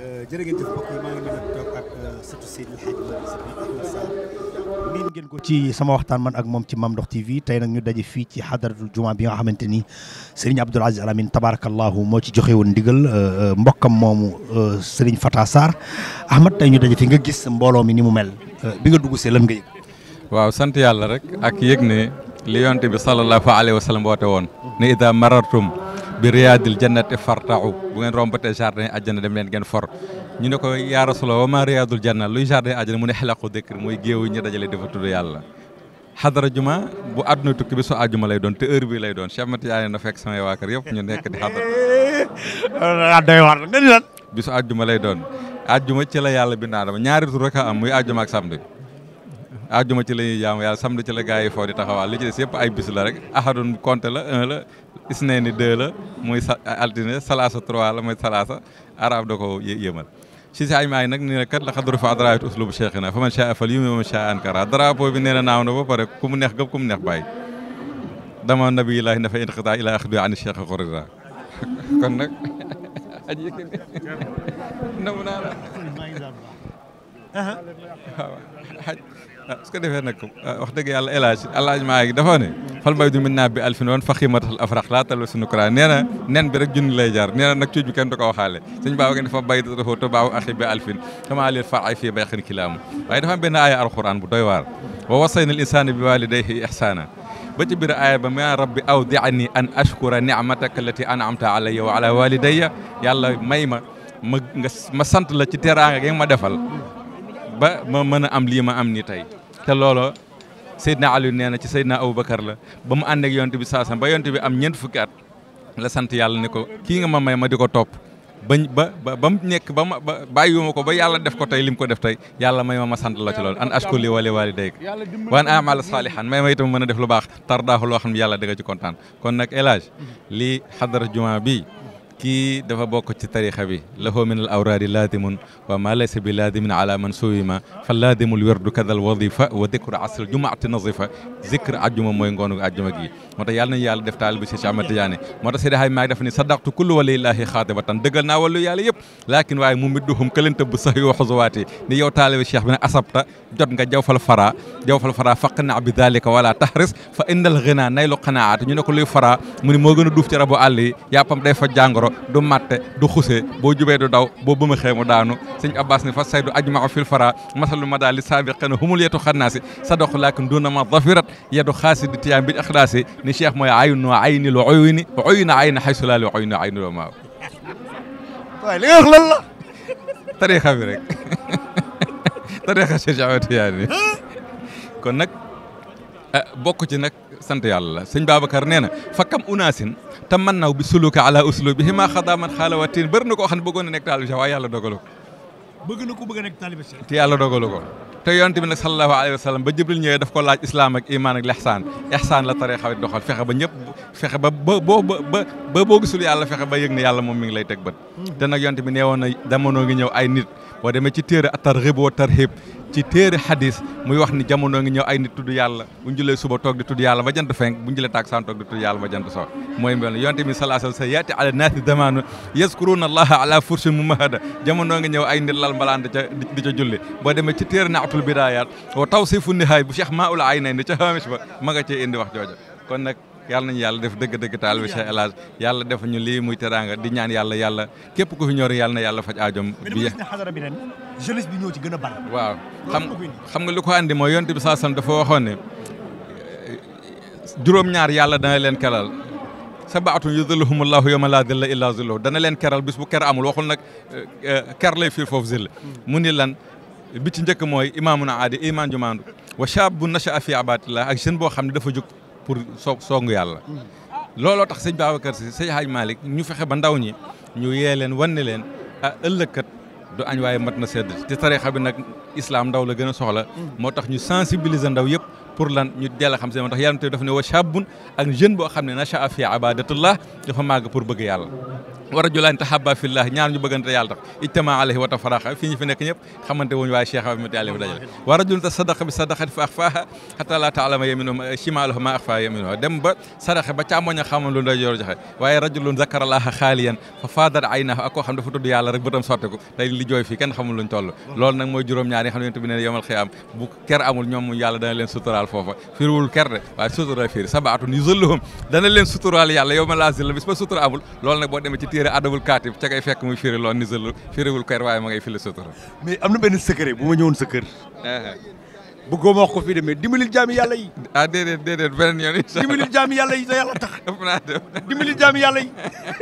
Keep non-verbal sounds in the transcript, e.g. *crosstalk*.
jërë ngeen jëf maa ngi mën toog ak euh, surtout Seydou Hadj Malick Sy Ahmed miin ngeen ko ci sama waxtaan man ak moom ci Mame Ndokh TV tey nag ñu daje fii ci xadaratul juma bi nga xamante ni Serigne Abdoul Aziz Al Amine tabarakallahu moo ci joxe woon ndigal euh, euh, mbokkam moomu Serigne Fata Sarr Ahmed tey ñu daje fi nga gis mbooloo mi ni mu mel bi nga dugg see lan nga waaw sant yàlla rek ak yëg ne li yonent bi sallallahu alayhi wa woon. ne ida marartum bi riyaadil jannati fartau bu ngeen rombatee jardin àjjana dem leen ngeen for ñu ne ko yaa rasulallah wa ma riyaadul janna luy jardin àjjana mu ne xelaqu dëkkir mooy géewu ñu dajale dafa tudd yàlla xadara juma bu àdduna tukki bi su àjjuma lay doon te lay doon Cheikh Matiyaane na fekk samay nekk di xadara *laughs* doy war nga doon àjjuma ci la yàlla bi Aadama ñaari tur rek a am muy àjjuma ak samedi àjjuma ci la ñuy jaamu yàlla samedi ci la gaa yi foo di taxawaa li ci des yëpp ay bis la rek ahadun compte la la isneeni deux la muy sa altine salaasa trois la muy salaasa arab da ko yéemal si si aymaay nag ni ne kat la xadru fa adraayit uslubu cheikhina fa man chaa fal yumi wa man chaa ankara drapeau bi nee na naaw na ba pare ku mu neex gëpp ku mu neex bàyyi dama nabi ilaahi na fa inqitaa ilaa axdu ani cheikh xorira *laughs* kon nag aj yëkkati namu naa la *laughs* waaw su ko defee nag wax dëgg yàlla El Hadj El Hadj maa ngi dafa ne fal bay du min naa bi alfin woon fa xiimatal afrax laa talwa sunu kura nee na nen bi rek junni lay jaar nee na nag cuuj bi kenn du ko waxaale suñ baawa ngeen dafa bay dafa to baaw axi bi alfin xamaa leen far ay fii bay xen kilaamu waaye dafa am benn aaya alquran bu doy waar wa wasayna al insaana bi walidayhi ihsaana ba ci biir aaya ba maa rabbi awdi'ani an ashkura ni'mataka allati an'amta alayya wa ala walidayya yàlla may ma ma nga ma sant la ci teraanga gi ma defal ba ma mën a am lii ma am ni tey te loolo Seydina Aliou nee na ci Seydina Aboubacar la ba mu ànd ak bi saasam ba yonent bi am ñeent fukki at la sant yàlla ne ko kii nga ma may ma di ko topp ba ba nekk ba ma ba bàyyiwuma ko ba yàlla def ko tey lim ko def tey yàlla may ma ma sant la ci loolu an ashkuli wali walidayk wa an amal salihan may ma itam mën a def lu baax tardaahu loo xam ne yàlla da nga ci kontaan kon nag El Hadj lii xadara juma bi kii dafa bokk ci tarixa bi lahu min al awraadi laadimun wa ma laysa bi laadimin ala man suwima fa laadimul werdu kadal wadifa wa dicre asr jumaati nazifa zicre ajjuma mooy ngoonu ajjuma gi moo tax yàlla nañu yàlla def taal bi si Cheikh Ahmad Tidiane moo tax Seydi Haaj Maalik dafa ni sadaqtu kullu wali laahi xaatibatan dëggal naa wàllu yàlla yëpp laakin waaye mu midduhum këlanta bu sax wa xusuwaati ni yow taalibi cheikh bi ne asabta jot nga jawfal fara jawfal fara faqna bi dalika wala tahris fa innal ghina naylu qanaat ñu ne ko luy fara mu ni moo gën a duuf ci rabu àll yi yàppam day fa jàngoro du matte du xuse boo jubee du daw boo bëma xee mu daanu sëñ abbas ni fa saydu ajmao fil fara ma daali saabiqina humul yetu xannaasi sa dox laakin ma dafirat yedu xaasi di tiyaam bi axlaasi ni cheikh mooy aynu ayni lu oyni oyna ayna xaysu laali oyna ayni lu maaw waaye li nga wax lan la tarixa bi rek *laughs* tarixa cheikh kon nag Eh, bokk ci nag sant yàlla la sëñ Babacar nee na fa kam unaasin te man na bi suluka ala uslubi himaa xadaaman xaalawatin bëri na koo xam ne bëggoon na nekk taalibe Cheikh waaye yàlla dogalu ko. bëgg na ko bëgg a nekk taalibe Cheikh. te yàlla ko te bi nag sallallahu alayhi wa sallam ba Jibril ñëwee daf ko laaj islaam ak iman ak lexsaan lexsaan la taree xawit doxal fexe ba ñëpp fexe ba ba boo ba ba boo gisul yàlla fexe ba yëg ne yàlla moom mi ngi lay teg bët. Mm-hmm. te nag yonent bi nee woon na jamono ngi ñëw ay nit boo demee ci téere at-Targhib wa Tarhib ci téere xadis muy wax ni jamono ngi ñëw ay nit tudd yàlla bu ñu suba toog di tudd yàlla ba jant fenk bu ñu julee tàkkusaan toog di tudd yàlla ba jant so mooy mel yonte bi sallallahu alayhi wa sallam yaati ala naasi zamanu yazkuruna allaha ala fursin mumahada jamono ngi ñëw ay nit lal mbalaan di ca di ca julli boo demee ci téere naatul bidayat wa tawsifu nihaay bu cheikh maul aynayn ca hamish ba ma nga cee indi wax kon nag yàlla nañu yàlla def dëgg-dëgg taal bi Cheikh El def ñu lii muy teraanga di ñaan yàlla yàlla képp ku fi ñor yàlla na yàlla faj aajom bi bi ren jeunesse bi ñoo a bari waaw xam xam nga lu ko andi mooy yonent bi saasam dafa waxoon ne juróom-ñaar yàlla dana leen keral sabaatun yudilluhumullahu yawma laa dilla illaa zilluhu dana leen keral bis bu ker amul waxul nag eh, eh, ker lay fiir foofu zill mu ni lan bi ci njëkk mooy imaamun aadi imaan ju maandu wa shaabun nashaa fi abaatillah ak jeune boo xam ne dafa jóg pour so song yàlla looloo tax sëñ Babacar Si sëñ Haaj Malick ñu fexe ba ndaw ñi ñu yee leen wan ne leen ah ëllëg du añ waaye mat na sedd te tarixa bi nag islaam ndaw la gën a soxla mm. moo tax ñu sensibiliser ndaw yëpp pour lan ñu dell tax yàlla te dafa ne wa shabun ak jeune boo xam ne nashaa fi ibadatullah dafa màgg pour bëgg yàlla wa rajulaan tahabba fillah ñaar ñu bëggante yàlla tax ijtama alayhi wa tafaraqa fii ñu fi nekk ñëpp xamante wuñu waaye cheikh amat yàlla fi dajale wa rajulun tasadaqa bi sadaqati fa axfaaha hatta la taalama yaminuhu shimaluhu ma axfaa yaminuhu dem ba sadaxe ba càmmoñ a lu ndeyjoor joxe waaye rajulun zakarallaha xaaliyan fa faadat aynahu ak dafa tudd yàlla rek bëtam sotteku day li jooy fii kenn xamul luñ toll loolu nag suturaal foofa firiwul ker de waaye sutura fiir sabaatun yuzilluhum dana leen suturaal yàlla yow ma laa zilla bis ba sutura amul loolu nag boo demee ci téere adabul kaatib ca fekk muy firi lool ni zillu firiwul ker waaye ma ngay fili sutura mais am na benn secret bu ma ñëwoon sa kër bëggoo ma ko fii demee dimbalil jaami yàlla yi ah jaami yàlla yi sa yàlla tax dimbalil jaami yàlla yi